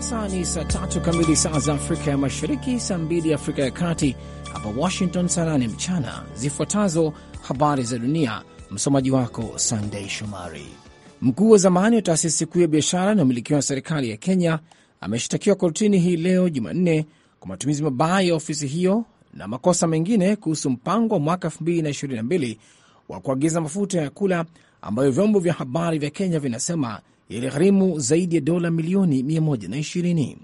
Sasa ni saa tatu kamili saa za Afrika ya Mashariki, saa mbili Afrika ya Kati, hapa Washington saa nane mchana. Zifuatazo habari za dunia, msomaji wako Sandei Shomari. Mkuu wa zamani wa taasisi kuu ya biashara inayomilikiwa na serikali ya Kenya ameshtakiwa kortini hii leo Jumanne kwa matumizi mabaya ya ofisi hiyo na makosa mengine kuhusu mpango wa mwaka 2022 wa kuagiza mafuta ya kula ambayo vyombo vya habari vya Kenya vinasema yaligharimu zaidi ya dola milioni 120.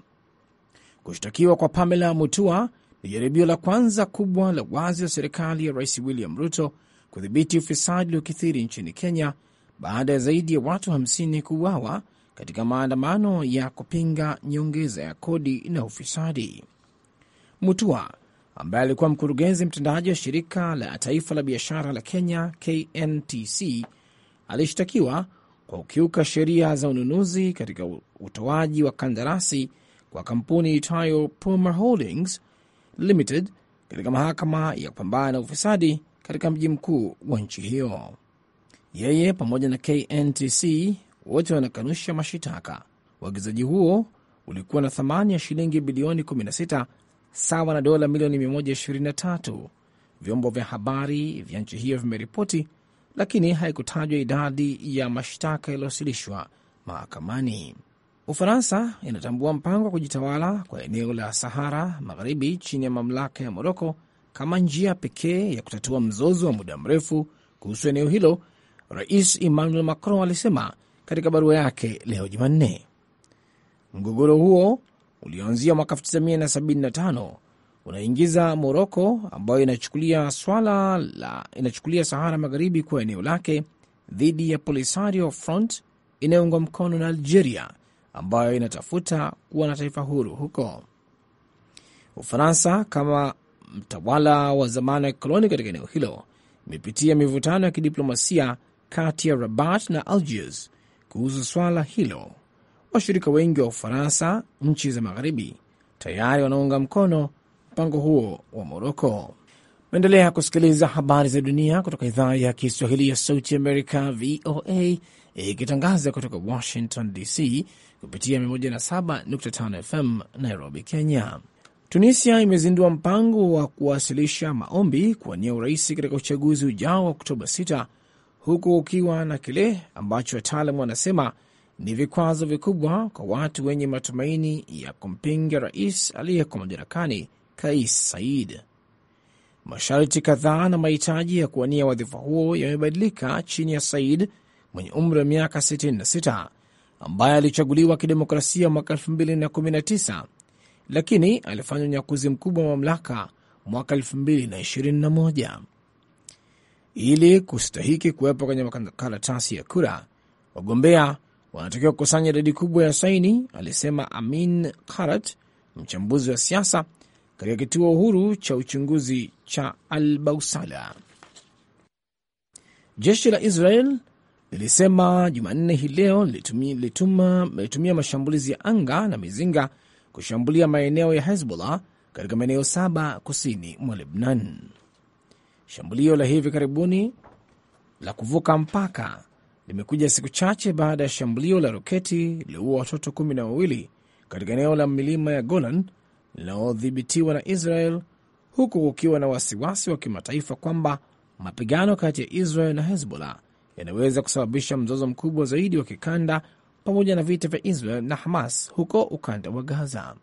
Kushtakiwa kwa Pamela Mutua ni jaribio la kwanza kubwa la wazi la serikali ya Rais William Ruto kudhibiti ufisadi uliokithiri nchini Kenya baada ya zaidi ya watu 50 kuuawa katika maandamano ya kupinga nyongeza ya kodi na ufisadi. Mutua ambaye alikuwa mkurugenzi mtendaji wa shirika la taifa la biashara la Kenya KNTC alishtakiwa kwa kukiuka sheria za ununuzi katika utoaji wa kandarasi kwa kampuni itayo Puma Holdings Limited katika mahakama ya kupambana na ufisadi katika mji mkuu wa nchi hiyo. Yeye pamoja na KNTC wote wanakanusha mashitaka. Uagizaji huo ulikuwa na thamani ya shilingi bilioni 16 sawa na dola milioni 123, vyombo vya habari vya nchi hiyo vimeripoti lakini haikutajwa idadi ya mashtaka yaliyowasilishwa mahakamani. Ufaransa inatambua mpango wa kujitawala kwa eneo la Sahara Magharibi chini ya mamlaka ya Moroko kama njia pekee ya kutatua mzozo wa muda mrefu kuhusu eneo hilo, Rais Emmanuel Macron alisema katika barua yake leo Jumanne. Mgogoro huo ulioanzia mwaka 1975 unaingiza Moroko ambayo inachukulia swala la inachukulia Sahara Magharibi kuwa eneo lake dhidi ya Polisario Front inayoungwa mkono na Algeria ambayo inatafuta kuwa na taifa huru huko. Ufaransa kama mtawala wa zamani wa kikoloni katika eneo hilo imepitia mivutano ya kidiplomasia kati ya Rabat na Algiers kuhusu swala hilo. Washirika wengi wa Ufaransa, nchi za Magharibi, tayari wanaunga mkono mpango huo wa Moroko. Maendelea kusikiliza habari za dunia kutoka idhaa ya Kiswahili ya Sauti Amerika, VOA, ikitangaza kutoka Washington DC kupitia 107.5 FM Nairobi, Kenya. Tunisia imezindua mpango wa kuwasilisha maombi kuwania urais katika uchaguzi ujao wa Oktoba 6 huku ukiwa na kile ambacho wataalamu wanasema ni vikwazo vikubwa kwa watu wenye matumaini ya kumpinga rais aliyeko madarakani Kais Said. Masharti kadhaa na mahitaji ya kuwania wadhifa huo yamebadilika chini ya Said mwenye umri wa miaka 66 ambaye alichaguliwa kidemokrasia mwaka 2019 lakini alifanya unyakuzi mkubwa wa mamlaka mwaka 2021. Ili kustahiki kuwepo kwenye makaratasi ya kura, wagombea wanatakiwa kukusanya idadi kubwa ya saini, alisema Amin Karat, mchambuzi wa siasa katika kituo huru cha uchunguzi cha Albausala. Jeshi la Israel lilisema Jumanne hii leo lilitumia mashambulizi ya anga na mizinga kushambulia maeneo ya Hezbollah katika maeneo saba kusini mwa Lebnan. Shambulio la hivi karibuni la kuvuka mpaka limekuja siku chache baada ya shambulio la roketi lilioua watoto kumi na wawili katika eneo la milima ya Golan linalodhibitiwa na Israel, huku kukiwa na wasiwasi wa kimataifa kwamba mapigano kati ya Israel na Hezbollah yanaweza kusababisha mzozo mkubwa zaidi wa kikanda pamoja na vita vya Israel na Hamas huko ukanda wa Gaza.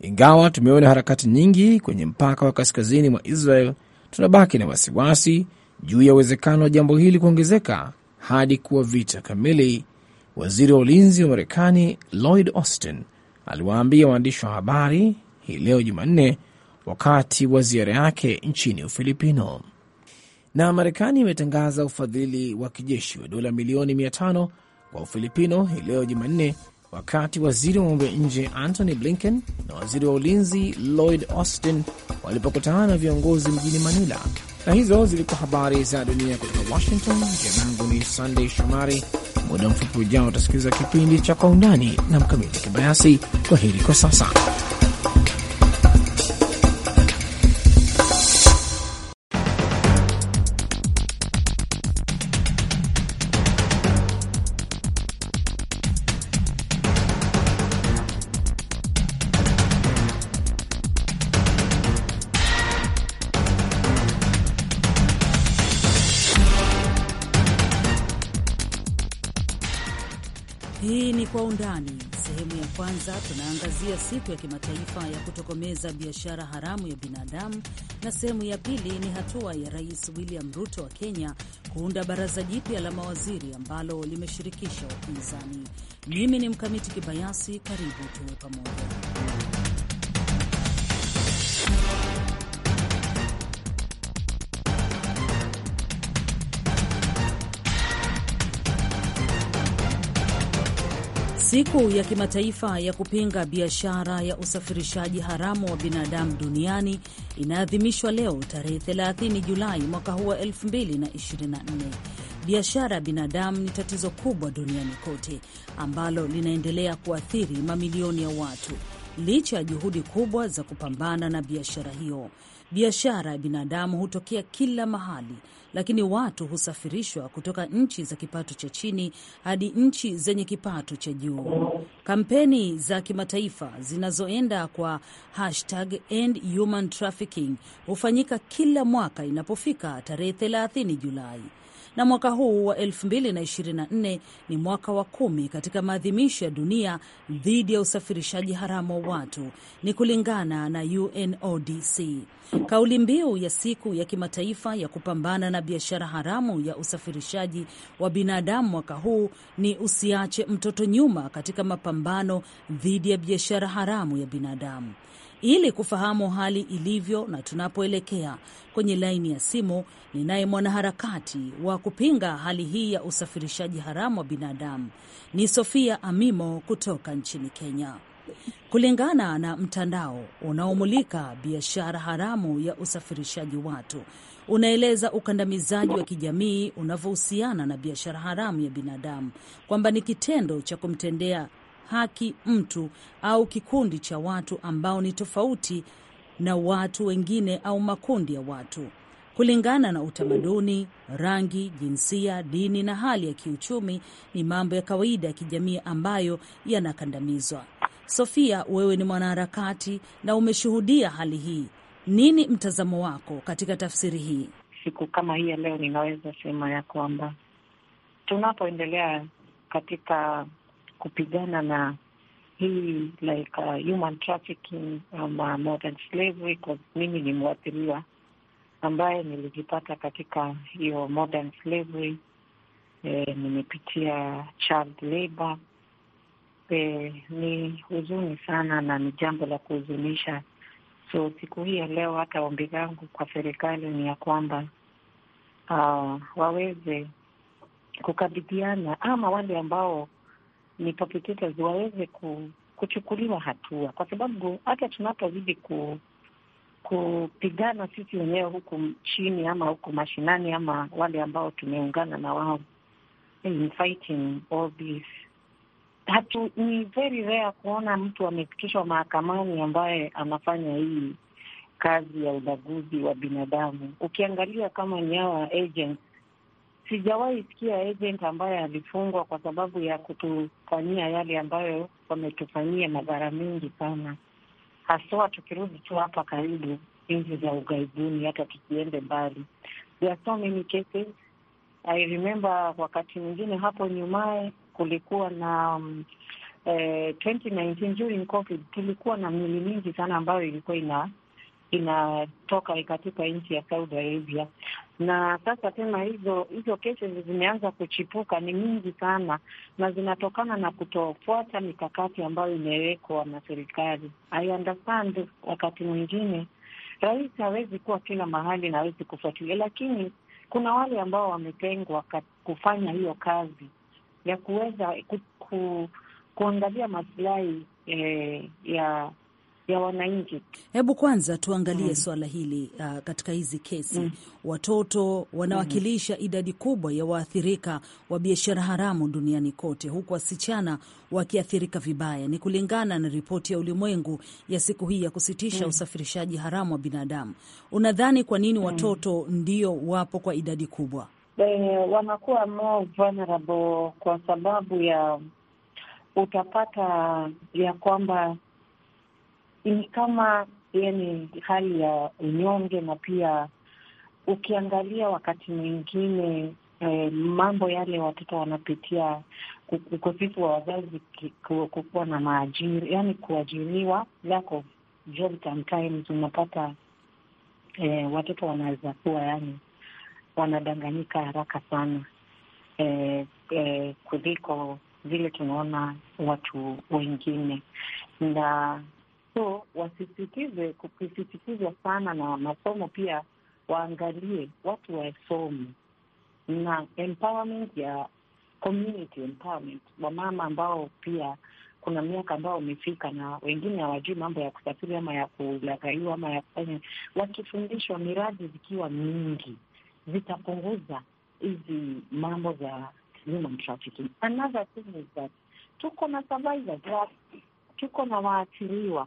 Ingawa tumeona harakati nyingi kwenye mpaka wa kaskazini mwa Israel, tunabaki na wasiwasi juu ya uwezekano wa jambo hili kuongezeka hadi kuwa vita kamili. Waziri wa ulinzi wa Marekani Lloyd Austin aliwaambia waandishi wa habari hii leo Jumanne wakati wa ziara yake nchini Ufilipino. Na Marekani imetangaza ufadhili wa kijeshi wa dola milioni 500 kwa Ufilipino hii leo Jumanne, wakati waziri wa mambo ya nje Antony Blinken na waziri wa ulinzi Lloyd Austin walipokutana na viongozi mjini Manila. Na hizo zilikuwa habari za dunia kutoka Washington. Jina langu ni Sandey Shomari. Muda mfupi ujao utasikiliza kipindi cha Kwa Undani na Mkamiti Kibayasi. Kwa heri kwa sasa. kuangazia siku ya kimataifa ya kutokomeza biashara haramu ya binadamu, na sehemu ya pili ni hatua ya Rais William Ruto wa Kenya kuunda baraza jipya la mawaziri ambalo limeshirikisha wapinzani. Mimi ni Mkamiti Kibayasi, karibu tuwe pamoja. Siku ya kimataifa ya kupinga biashara ya usafirishaji haramu wa binadamu duniani inaadhimishwa leo tarehe 30 Julai mwaka huu wa 2024. Biashara ya binadamu ni tatizo kubwa duniani kote ambalo linaendelea kuathiri mamilioni ya watu licha ya juhudi kubwa za kupambana na biashara hiyo. Biashara ya binadamu hutokea kila mahali lakini watu husafirishwa kutoka nchi za kipato cha chini hadi nchi zenye kipato cha juu. Kampeni za kimataifa zinazoenda kwa hashtag End Human Trafficking hufanyika kila mwaka inapofika tarehe 30 Julai na mwaka huu wa 2024 ni mwaka wa kumi katika maadhimisho ya dunia dhidi ya usafirishaji haramu wa watu, ni kulingana na UNODC. Kauli mbiu ya siku ya kimataifa ya kupambana na biashara haramu ya usafirishaji wa binadamu mwaka huu ni usiache mtoto nyuma katika mapambano dhidi ya biashara haramu ya binadamu. Ili kufahamu hali ilivyo na tunapoelekea, kwenye laini ya simu ninaye mwanaharakati wa kupinga hali hii ya usafirishaji haramu wa binadamu, ni Sofia Amimo kutoka nchini Kenya. Kulingana na mtandao unaomulika biashara haramu ya usafirishaji watu, unaeleza ukandamizaji wa kijamii unavyohusiana na biashara haramu ya binadamu, kwamba ni kitendo cha kumtendea haki mtu au kikundi cha watu ambao ni tofauti na watu wengine au makundi ya watu kulingana na utamaduni, rangi, jinsia, dini na hali ya kiuchumi. Ni mambo ya kawaida ya kijamii ambayo yanakandamizwa. Sofia, wewe ni mwanaharakati na umeshuhudia hali hii. Nini mtazamo wako katika tafsiri hii? Siku kama hii ya leo, ninaweza sema ya kwamba tunapoendelea katika kupigana na hii like uh, human trafficking ama um, uh, modern slavery, mimi ni mwathiriwa ambaye nilijipata katika hiyo modern slavery. E, nimepitia child labor. E, ni huzuni sana na ni jambo la kuhuzunisha So siku hii ya leo, hata ombi langu kwa serikali ni ya kwamba uh, waweze kukabidhiana ama wale ambao ni perpetrators waweze ku, kuchukuliwa hatua, kwa sababu hata tunapozidi ku kupigana sisi wenyewe huku chini ama huku mashinani ama wale ambao tumeungana na wao in eh, fighting all these hatu, ni very rare kuona mtu amefikishwa mahakamani ambaye anafanya hii kazi ya ubaguzi wa binadamu. Ukiangalia kama ni hawa agent, sijawahi sikia agent ambaye alifungwa kwa sababu ya kutufanyia yale ambayo wametufanyia madhara mengi sana, haswa tukirudi tu hapa karibu nchi za ughaibuni, hata tukiende mbali. There are so many cases. I remember wakati mwingine hapo nyumaye kulikuwa na um, eh, 2019 during COVID tulikuwa na mili mingi sana ambayo ilikuwa ina inatoka katika nchi ya Saudi Arabia, na sasa tena hizo hizo kesi zimeanza kuchipuka, ni nyingi sana, na zinatokana na kutofuata mikakati ambayo imewekwa na serikali. I understand wakati mwingine rais hawezi kuwa kila mahali na hawezi kufuatilia, lakini kuna wale ambao wametengwa kufanya hiyo kazi ya kuweza ku, ku, kuangalia masilahi eh, ya ya wananchi. Hebu kwanza tuangalie mm. swala hili uh, katika hizi kesi mm. watoto wanawakilisha mm. idadi kubwa ya waathirika wa biashara haramu duniani kote, huku wasichana wakiathirika vibaya. Ni kulingana na ripoti ya ulimwengu ya siku hii ya kusitisha mm. usafirishaji haramu wa binadamu. Unadhani kwa nini mm. watoto mm. ndio wapo kwa idadi kubwa? Eh, wanakuwa more vulnerable kwa sababu ya utapata ya kwamba ni kama yani hali ya unyonge, na pia ukiangalia wakati mwingine eh, mambo yale watoto wanapitia, ukosefu wa wazazi, kukuwa na maajiri, yani kuajiriwa, lack of job sometimes unapata eh, watoto wanaweza kuwa yani wanadanganyika haraka sana e, e, kuliko vile tunaona watu wengine, na so wasisitize kukisisitizwa sana na masomo pia, waangalie watu wasome na empowerment ya community empowerment, wamama ambao pia kuna miaka ambao wamefika na wengine hawajui mambo ya kusafiri ama ya kulagaiwa ama ya kufanya, wakifundishwa miradi zikiwa mingi vitapunguza hizi mambo za human trafficking. Another thing is that tuko na survivors, tuko na waathiriwa.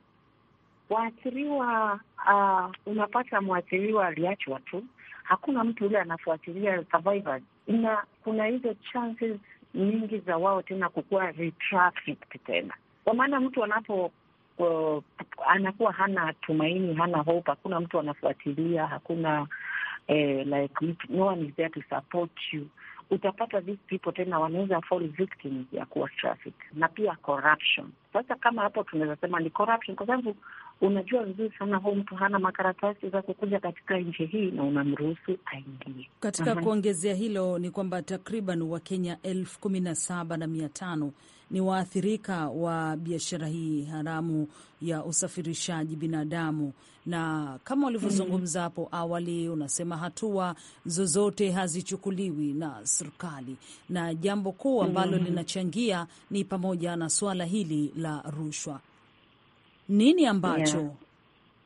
Waathiriwa uh, unapata mwathiriwa aliachwa tu, hakuna mtu yule anafuatilia survivors, na kuna hizo chances nyingi za wao tena kukuwa retrafficked tena, kwa maana mtu anapo uh, anakuwa hana tumaini, hana hope, hakuna mtu anafuatilia, hakuna eh, like no one is there to support you. Utapata these people tena wanaweza fall victims ya kuwa traffic na pia corruption. Sasa kama hapo tunaweza sema ni corruption, kwa sababu unajua vizuri sana huu mtu hana makaratasi za kukuja katika nchi hii na unamruhusu aingie. Katika kuongezea hilo ni kwamba takriban Wakenya elfu kumi na saba na mia tano ni waathirika wa biashara hii haramu ya usafirishaji binadamu, na kama ulivyozungumza hapo awali, unasema hatua zozote hazichukuliwi na serikali, na jambo kuu ambalo mm-hmm. linachangia ni pamoja na suala hili la rushwa. Nini ambacho yeah.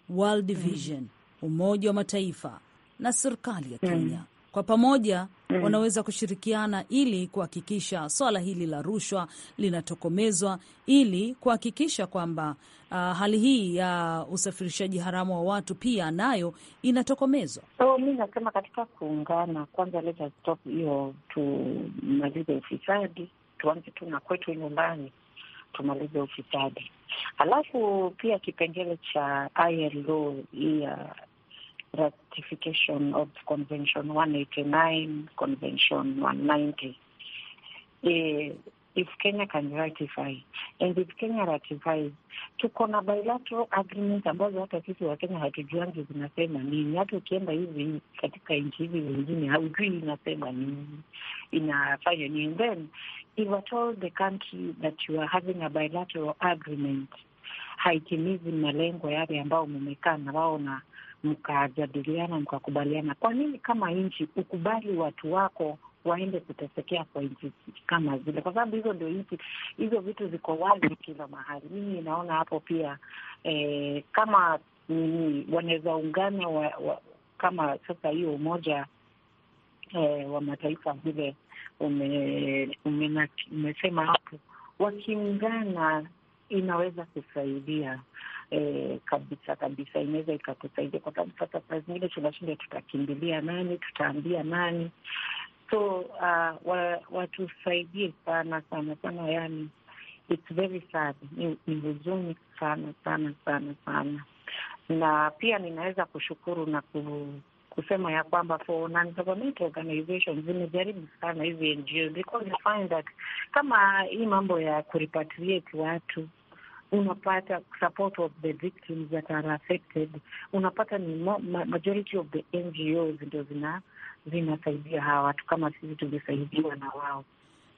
World mm-hmm. Vision, Umoja wa Mataifa na serikali ya Kenya mm kwa pamoja mm, wanaweza kushirikiana ili kuhakikisha swala hili la rushwa linatokomezwa, ili kuhakikisha kwamba uh, hali hii ya uh, usafirishaji haramu wa watu pia nayo inatokomezwa. So, oh, mi nasema katika kuungana kwanza, leta stop hiyo, tumalize ufisadi, tuanze tu na kwetu nyumbani, tumalize ufisadi. alafu pia kipengele cha ILO hii ya ratification of Convention 189, Convention 190. Uh, eh, if Kenya can ratify and if Kenya ratifies, tuko na bilateral agreement ambazo hata sisi wa Kenya hatujuangi zinasema nini. Hata ukienda hivi katika nchi hizi zingine haujui inasema nini, inafanya nini. Then if at all the country that you are having a bilateral agreement haitimizi malengo yale ambayo mmekaa na wao na mkajadiliana, mkakubaliana. Kwa nini kama nchi ukubali watu wako waende kutesekea kwa nchi kama zile, kwa sababu hizo ndio nchi, hizo vitu ziko wazi kila mahali. Mimi inaona hapo pia eh, kama nini wanaweza ungana wa, wa, kama sasa hiyo umoja eh, wa mataifa vile ume, ume, umesema hapo, wakiungana inaweza kusaidia Eh, kabisa kabisa inaweza ikatusaidia, kwa sababu sasa saa zingine tunashinda tutakimbilia nani, tutaambia nani. So uh, watusaidie sana sana sana, yani it's very sad, ni, huzuni sana sana sana sana, na pia ninaweza kushukuru na ku kusema ya kwamba for non-governmental organizations zimejaribu sana hizi because you find that kama hii mambo ya kurepatriate watu unapata support of the victims that are affected. Unapata ni majority of the NGOs ndio zina zinasaidia hawa watu kama sisi tulisaidiwa na wao.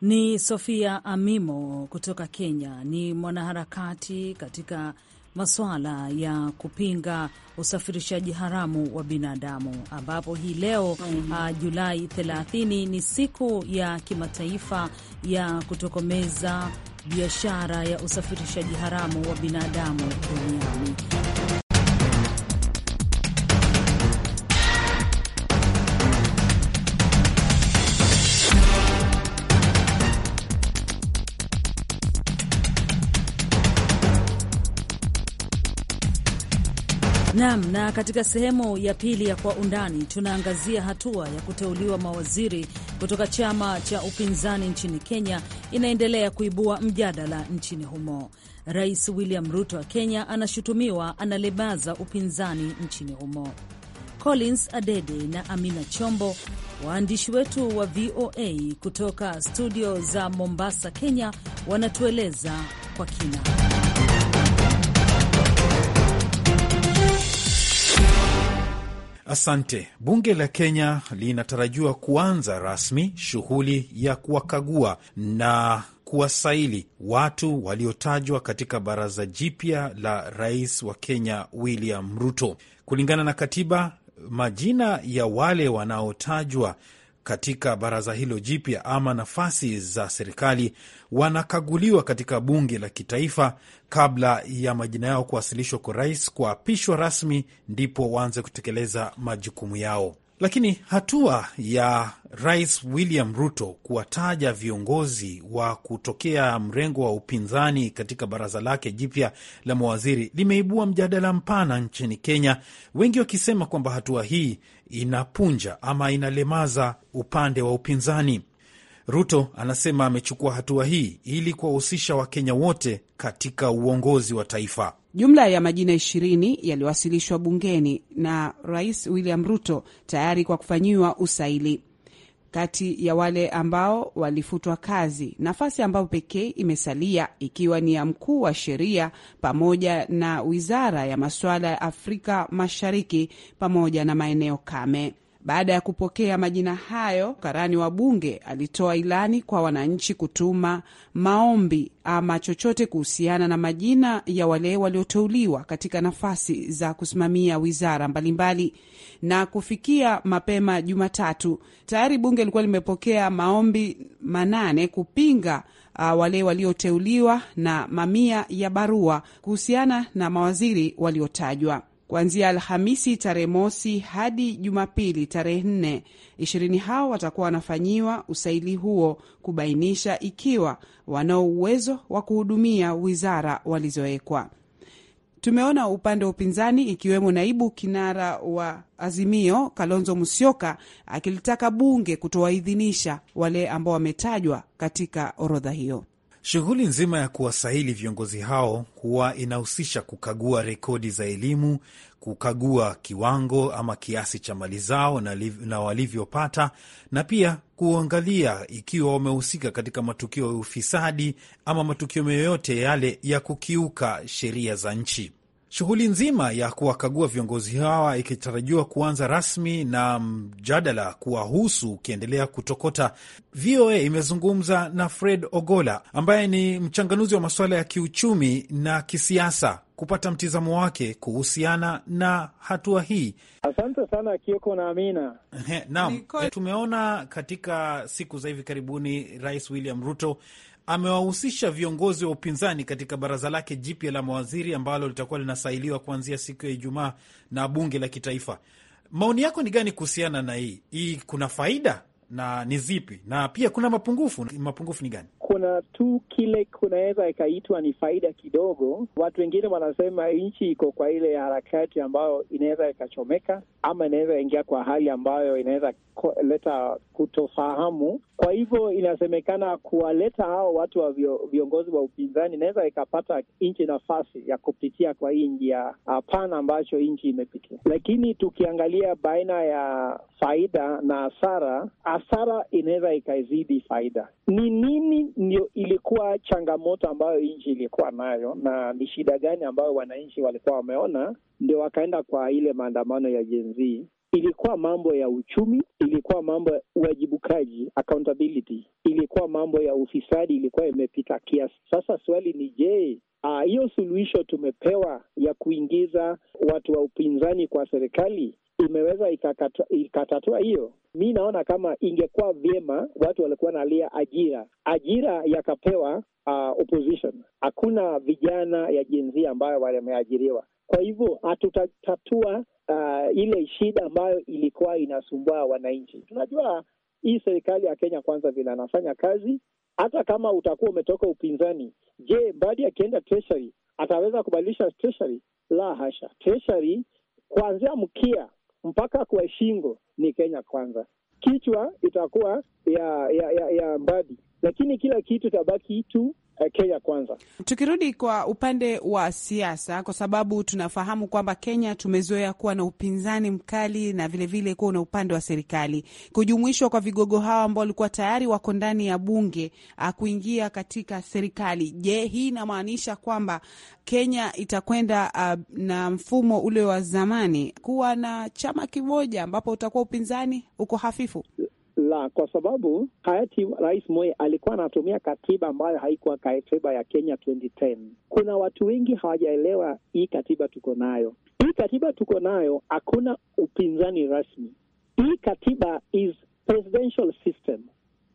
Ni Sofia Amimo kutoka Kenya, ni mwanaharakati katika masuala ya kupinga usafirishaji haramu wa binadamu, ambapo hii leo mm -hmm. uh, Julai 30 ni siku ya kimataifa ya kutokomeza biashara ya usafirishaji haramu wa binadamu duniani. Nam. Na katika sehemu ya pili ya Kwa Undani tunaangazia hatua ya kuteuliwa mawaziri kutoka chama cha upinzani nchini Kenya inaendelea kuibua mjadala nchini humo. Rais William Ruto wa Kenya anashutumiwa analemaza upinzani nchini humo. Collins Adede na Amina Chombo, waandishi wetu wa VOA kutoka studio za Mombasa, Kenya, wanatueleza kwa kina. Asante. Bunge la Kenya linatarajiwa kuanza rasmi shughuli ya kuwakagua na kuwasaili watu waliotajwa katika baraza jipya la rais wa Kenya William Ruto. Kulingana na katiba, majina ya wale wanaotajwa katika baraza hilo jipya ama nafasi za serikali wanakaguliwa katika bunge la kitaifa kabla ya majina yao kuwasilishwa kwa rais kuapishwa rasmi, ndipo waanze kutekeleza majukumu yao. Lakini hatua ya Rais William Ruto kuwataja viongozi wa kutokea mrengo wa upinzani katika baraza lake jipya la mawaziri limeibua mjadala mpana nchini Kenya, wengi wakisema kwamba hatua hii inapunja ama inalemaza upande wa upinzani. Ruto anasema amechukua hatua hii ili kuwahusisha Wakenya wote katika uongozi wa taifa. Jumla ya majina ishirini yaliwasilishwa bungeni na Rais William Ruto tayari kwa kufanyiwa usaili kati ya wale ambao walifutwa kazi, nafasi ambayo pekee imesalia ikiwa ni ya mkuu wa sheria pamoja na wizara ya masuala ya Afrika Mashariki pamoja na maeneo kame. Baada ya kupokea majina hayo, karani wa bunge alitoa ilani kwa wananchi kutuma maombi ama chochote kuhusiana na majina ya wale walioteuliwa katika nafasi za kusimamia wizara mbalimbali mbali. Na kufikia mapema Jumatatu tayari bunge lilikuwa limepokea maombi manane kupinga uh, wale walioteuliwa na mamia ya barua kuhusiana na mawaziri waliotajwa kuanzia Alhamisi tarehe mosi hadi Jumapili tarehe nne. Ishirini hao watakuwa wanafanyiwa usaili huo kubainisha ikiwa wanao uwezo wa kuhudumia wizara walizowekwa. Tumeona upande wa upinzani ikiwemo naibu kinara wa Azimio Kalonzo Musyoka akilitaka bunge kutowaidhinisha wale ambao wametajwa katika orodha hiyo. Shughuli nzima ya kuwasahili viongozi hao huwa inahusisha kukagua rekodi za elimu, kukagua kiwango ama kiasi cha mali zao na, na walivyopata na pia kuangalia ikiwa wamehusika katika matukio ya ufisadi ama matukio yoyote yale ya kukiuka sheria za nchi. Shughuli nzima ya kuwakagua viongozi hawa ikitarajiwa kuanza rasmi na mjadala kuwahusu ukiendelea kutokota. VOA imezungumza na Fred Ogola ambaye ni mchanganuzi wa masuala ya kiuchumi na kisiasa kupata mtizamo wake kuhusiana na hatua hii. Asante sana Kioko na Amina. Naam, tumeona katika siku za hivi karibuni Rais William Ruto amewahusisha viongozi wa upinzani katika baraza lake jipya la mawaziri ambalo litakuwa linasailiwa kuanzia siku ya Ijumaa na bunge la kitaifa. Maoni yako ni gani kuhusiana na hii hii? Kuna faida na ni zipi, na pia kuna mapungufu? Mapungufu ni gani? kuna tu kile kunaweza ikaitwa ni faida kidogo. Watu wengine wanasema nchi iko kwa ile harakati ambayo inaweza ikachomeka ama inaweza ingia kwa hali ambayo inaweza leta kutofahamu. Kwa hivyo inasemekana kuwaleta hao watu wa viongozi wa upinzani inaweza ikapata nchi nafasi ya kupitia kwa hii njia hapana ambacho nchi imepitia. Lakini tukiangalia baina ya faida na hasara, hasara inaweza ikazidi faida ni nini ndio ilikuwa changamoto ambayo nchi ilikuwa nayo na ni shida gani ambayo wananchi walikuwa wameona, ndio wakaenda kwa ile maandamano ya Gen Ilikuwa mambo ya uchumi, ilikuwa mambo ya uwajibukaji accountability, ilikuwa mambo ya ufisadi, ilikuwa imepita kiasi. Sasa swali ni je, ah, hiyo suluhisho tumepewa ya kuingiza watu wa upinzani kwa serikali imeweza ikatatua hiyo, mi naona kama ingekuwa vyema watu walikuwa nalia ajira, ajira yakapewa uh, opposition. Hakuna vijana ya jinsia ambayo wameajiriwa, kwa hivyo hatutatatua uh, ile shida ambayo ilikuwa inasumbua wananchi. Tunajua hii serikali ya Kenya Kwanza vile anafanya kazi, hata kama utakuwa umetoka upinzani, je, Mbadi akienda treasury ataweza kubadilisha treasury? La hasha. Treasury kuanzia mkia mpaka kwa shingo ni Kenya kwanza, kichwa itakuwa ya ya, ya, ya Mbadi lakini kila kitu tabaki tu eh, Kenya kwanza. Tukirudi kwa upande wa siasa, kwa sababu tunafahamu kwamba Kenya tumezoea kuwa na upinzani mkali na vilevile kuwa na upande wa serikali. Kujumuishwa kwa vigogo hawa ambao walikuwa tayari wako ndani ya bunge ah, kuingia katika serikali, je, hii inamaanisha kwamba Kenya itakwenda uh, na mfumo ule wa zamani kuwa na chama kimoja ambapo utakuwa upinzani uko hafifu? la kwa sababu hayati Rais Moi alikuwa anatumia katiba ambayo haikuwa katiba ya Kenya 2010. Kuna watu wengi hawajaelewa hii katiba tuko nayo. Hii katiba tuko nayo, hakuna upinzani rasmi. Hii katiba is presidential system.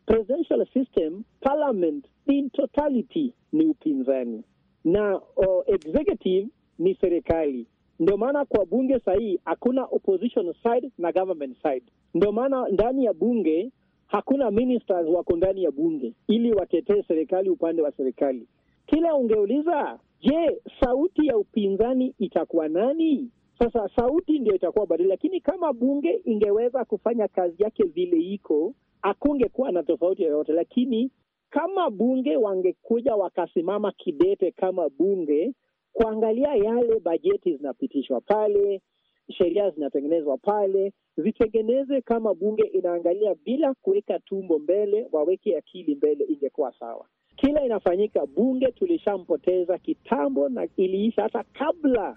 Presidential system, parliament in totality ni upinzani na uh, executive ni serikali. Ndio maana kwa bunge sahii hakuna opposition side na government side. Ndio maana ndani ya bunge hakuna ministers wako ndani ya bunge ili watetee serikali upande wa serikali. Kila ungeuliza, je, sauti ya upinzani itakuwa nani? Sasa sauti ndio itakuwa badili, lakini kama bunge ingeweza kufanya kazi yake vile iko, hakungekuwa na tofauti yoyote. Lakini kama bunge wangekuja wakasimama kidete kama bunge kuangalia yale bajeti zinapitishwa pale sheria zinatengenezwa pale zitengenezwe kama bunge inaangalia bila kuweka tumbo mbele, waweke akili mbele, ingekuwa sawa. Kila inafanyika bunge tulishampoteza kitambo, na iliisha hata kabla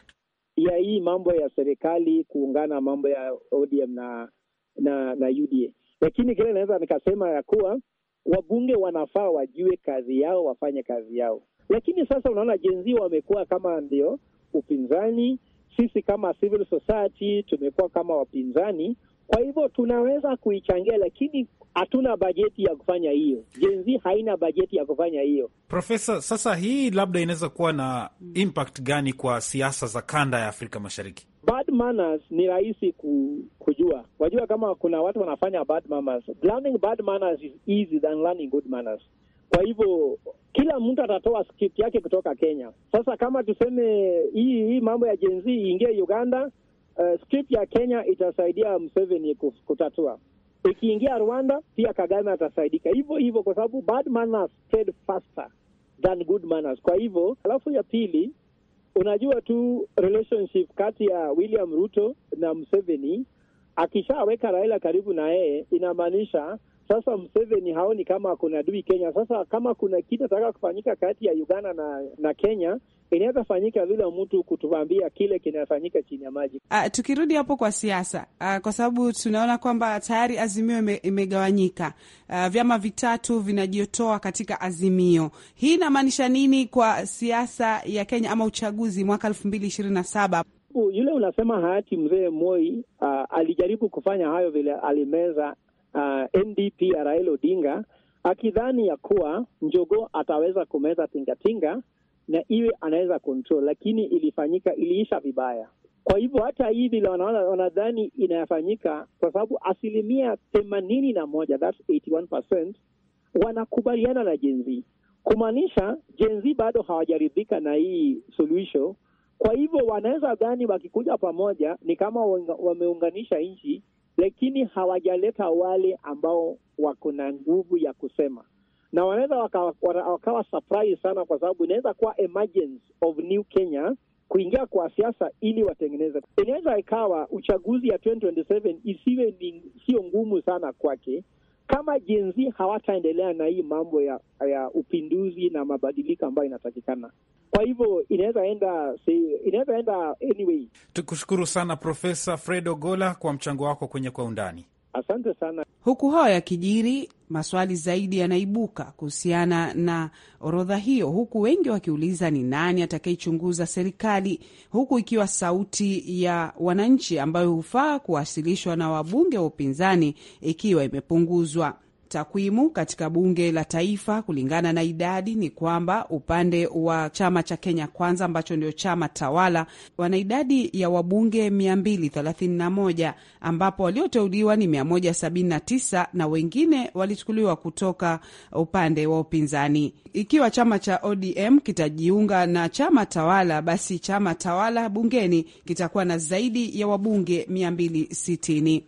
ya hii mambo ya serikali kuungana, mambo ya ODM na na na UDA. Lakini kile inaweza nikasema ya kuwa wabunge wanafaa wajue kazi yao, wafanye kazi yao. Lakini sasa unaona jenzi wamekuwa kama ndio upinzani sisi kama civil society tumekuwa kama wapinzani, kwa hivyo tunaweza kuichangia, lakini hatuna bajeti ya kufanya hiyo. Jenzi haina bajeti ya kufanya hiyo. Profesa, sasa hii labda inaweza kuwa na impact gani kwa siasa za kanda ya Afrika Mashariki? Bad manners ni rahisi ku, kujua. Wajua kama kuna watu wanafanya bad manners. Learning bad manners is easy than learning good manners. Kwa hivyo kila mtu atatoa script yake kutoka Kenya. Sasa kama tuseme hii hii mambo ya Gen Z iingie Uganda, uh, eh, script ya Kenya itasaidia Museveni kutatua. Ikiingia Rwanda pia Kagame atasaidika hivyo hivyo, kwa sababu bad manners spread faster than good manners. Kwa hivyo, alafu ya pili, unajua tu relationship kati ya William Ruto na Museveni, akishaweka Raila karibu na yeye inamaanisha sasa mseveni haoni kama kuna dui Kenya. Sasa kama kuna kitu taka kufanyika kati ya Uganda na, na Kenya inaweza fanyika vile mtu kutuambia kile kinafanyika chini ya maji. Ah, tukirudi hapo kwa siasa ah, kwa sababu tunaona kwamba tayari Azimio imegawanyika ah, vyama vitatu vinajiotoa katika Azimio. Hii inamaanisha nini kwa siasa ya Kenya ama uchaguzi mwaka elfu mbili ishirini na saba? Yule unasema hayati mzee Moi uh, alijaribu kufanya hayo vile alimeza uh, NDP ya Raila Odinga akidhani ya kuwa njogo ataweza kumeza tingatinga na iwe anaweza control, lakini ilifanyika iliisha vibaya. Kwa hivyo hata hii vile wanadhani inayofanyika, kwa sababu asilimia themanini na moja, that's 81%, wanakubaliana na jenzi, kumaanisha jenzi bado hawajaridhika na hii suluhisho. Kwa hivyo wanaweza dhani wakikuja pamoja ni kama wameunganisha nchi lakini hawajaleta wale ambao wako na nguvu ya kusema, na wanaweza wakawa, surprise sana, kwa sababu inaweza kuwa emergence of new Kenya kuingia kwa siasa ili watengeneze. Inaweza ikawa uchaguzi ya 2027 isiwe ni sio ngumu sana kwake, kama jenzi hawataendelea na hii mambo ya, ya upinduzi na mabadiliko ambayo inatakikana. Kwa hivyo inaweza enda inaweza enda anyway. Tukushukuru sana Profesa Fred Ogola kwa mchango wako kwenye kwa undani. Asante sana. Huku hayo yakijiri, maswali zaidi yanaibuka kuhusiana na orodha hiyo, huku wengi wakiuliza ni nani atakayechunguza serikali, huku ikiwa sauti ya wananchi ambayo hufaa kuwasilishwa na wabunge wa upinzani ikiwa imepunguzwa. Takwimu katika bunge la taifa kulingana na idadi ni kwamba upande wa chama cha Kenya Kwanza ambacho ndio chama tawala wana idadi ya wabunge 231 ambapo walioteuliwa ni 179 na wengine walichukuliwa kutoka upande wa upinzani. Ikiwa chama cha ODM kitajiunga na chama tawala, basi chama tawala bungeni kitakuwa na zaidi ya wabunge 260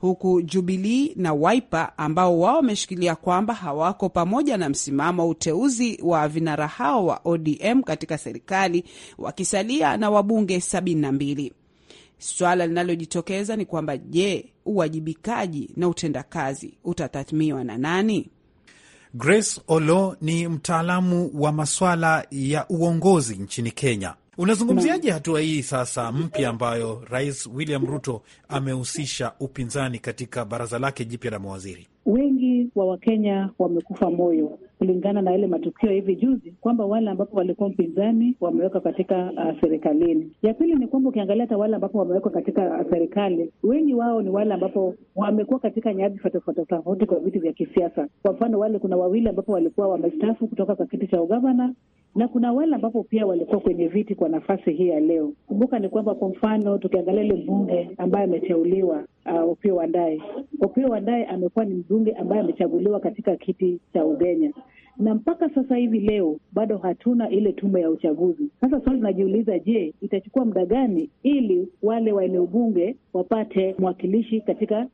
huku jubilii na waipa ambao wao wameshikilia kwamba hawako pamoja na msimamo wa uteuzi wa vinara hao wa ODM katika serikali wakisalia na wabunge mbili. Swala linalojitokeza ni kwamba je, uwajibikaji na utendakazi utatathmiwa na nani? Grace Olo ni mtaalamu wa maswala ya uongozi nchini Kenya. Unazungumziaje hatua hii sasa mpya ambayo Rais William Ruto amehusisha upinzani katika baraza lake jipya la mawaziri? Wengi wa Wakenya wamekufa moyo kulingana na yale matukio hivi juzi, kwamba wale ambapo walikuwa mpinzani wamewekwa katika uh, serikalini. Ya pili ni kwamba ukiangalia hata wale ambapo wamewekwa katika uh, serikali, wengi wao ni wale ambapo wamekuwa katika nyadhifa tofauti tofauti kwa vitu vya kisiasa. Kwa mfano, wale kuna wawili ambapo walikuwa wamestaafu kutoka kwa kiti cha ugavana na kuna wale ambapo pia walikuwa kwenye viti kwa nafasi hii ya leo. Kumbuka ni kwamba kwa mfano tukiangalia ile mbunge ambaye ameteuliwa uh, Opiyo Wandayi. wa Wandayi amekuwa ni mbunge ambaye amechaguliwa katika kiti cha Ugenya, na mpaka sasa hivi leo bado hatuna ile tume ya uchaguzi. Sasa swali linajiuliza, je, itachukua muda gani ili wale wa eneo bunge wapate mwakilishi katika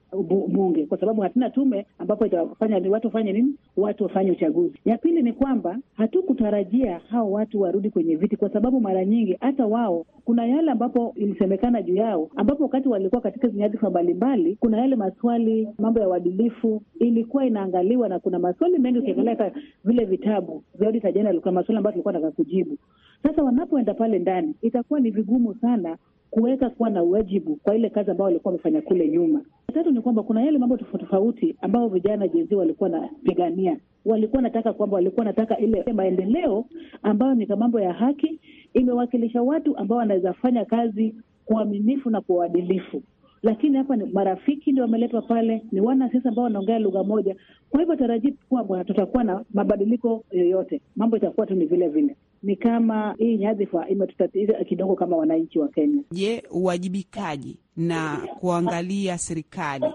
bunge, kwa sababu hatuna tume ambapo itawafanya watu wafanye nini, watu wafanye uchaguzi. Ya pili ni kwamba hatukutarajia hao watu warudi kwenye viti, kwa sababu mara nyingi hata wao kuna yale ambapo ilisemekana juu yao, ambapo wakati walikuwa katika zinyadhifa mbalimbali, kuna yale maswali, mambo ya uadilifu ilikuwa inaangaliwa, na kuna maswali mengi ukiangalia vile vitabu vya auditor general kuna maswali ambayo tulikuwa nataka kujibu. Sasa wanapoenda pale ndani, itakuwa ni vigumu sana kuweka kuwa na uwajibu kwa ile kazi ambayo walikuwa wamefanya kule nyuma. Tatu ni kwamba kuna yale mambo tofauti tofauti ambayo vijana jenzi walikuwa wanapigania, walikuwa wanataka kwamba walikuwa wanataka ile maendeleo ambayo ni mambo ya haki, imewakilisha watu ambao wanaweza fanya kazi kwa uaminifu na kwa uadilifu lakini hapa ni marafiki ndio wameletwa pale, ni wanasiasa ambao wanaongea lugha moja. Kwa hivyo tarajii kuwa bwana, tutakuwa na mabadiliko yoyote, mambo itakuwa tu ni vile vile. Ni kama hii nyadhifa imetutatiza kidogo kama wananchi wa Kenya. Je, uwajibikaji na kuangalia serikali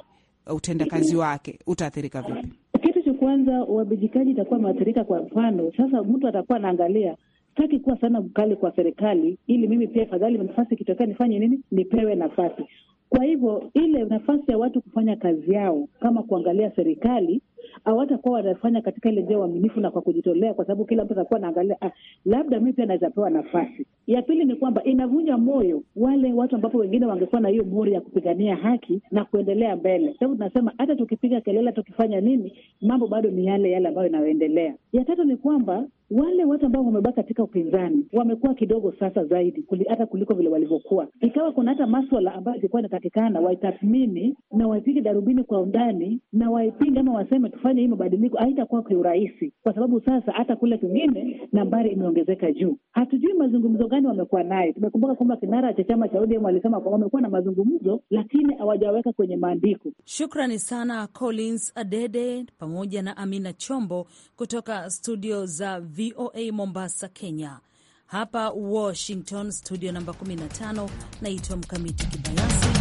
utendakazi wake utaathirika vipi? Kitu cha kwanza, uwajibikaji itakuwa maathirika. Kwa mfano sasa, mtu atakuwa anaangalia Sitaki kuwa sana mkali kwa serikali, ili mimi pia fadhali nafasi ikitokea nifanye nini, nipewe nafasi. Kwa hivyo ile nafasi ya watu kufanya kazi yao kama kuangalia serikali hawatakuwa wanafanya katika ile njia uaminifu na kwa kujitolea, kwa sababu kila mtu atakuwa anaangalia ah, labda mi pia naweza pewa nafasi. Ya pili ni kwamba inavunja moyo wale watu ambapo wengine wangekuwa na hiyo mori ya kupigania haki na kuendelea mbele, sababu tunasema hata tukipiga kelele, tukifanya nini, mambo bado ni yale yale ambayo inayoendelea Ya tatu ni kwamba wale watu ambao wamebaki katika upinzani wamekuwa kidogo sasa zaidi kuli, hata kuliko vile walivyokuwa. Ikawa kuna hata maswala ambayo ilikuwa inatakikana waitathmini na waipige darubini kwa undani na waipinge ama waseme tufanye hii mabadiliko, haitakuwa kwa urahisi, kwa sababu sasa hata kule kwingine nambari imeongezeka juu. Hatujui mazungumzo gani wamekuwa naye. Tumekumbuka kwamba kinara cha chama cha ODM walisema kwamba wamekuwa na mazungumzo, lakini hawajaweka kwenye maandiko. Shukrani sana Collins Adede pamoja na Amina Chombo kutoka studio za VOA Mombasa, Kenya. Hapa Washington studio namba 15, naitwa Mkamiti Kibayasi.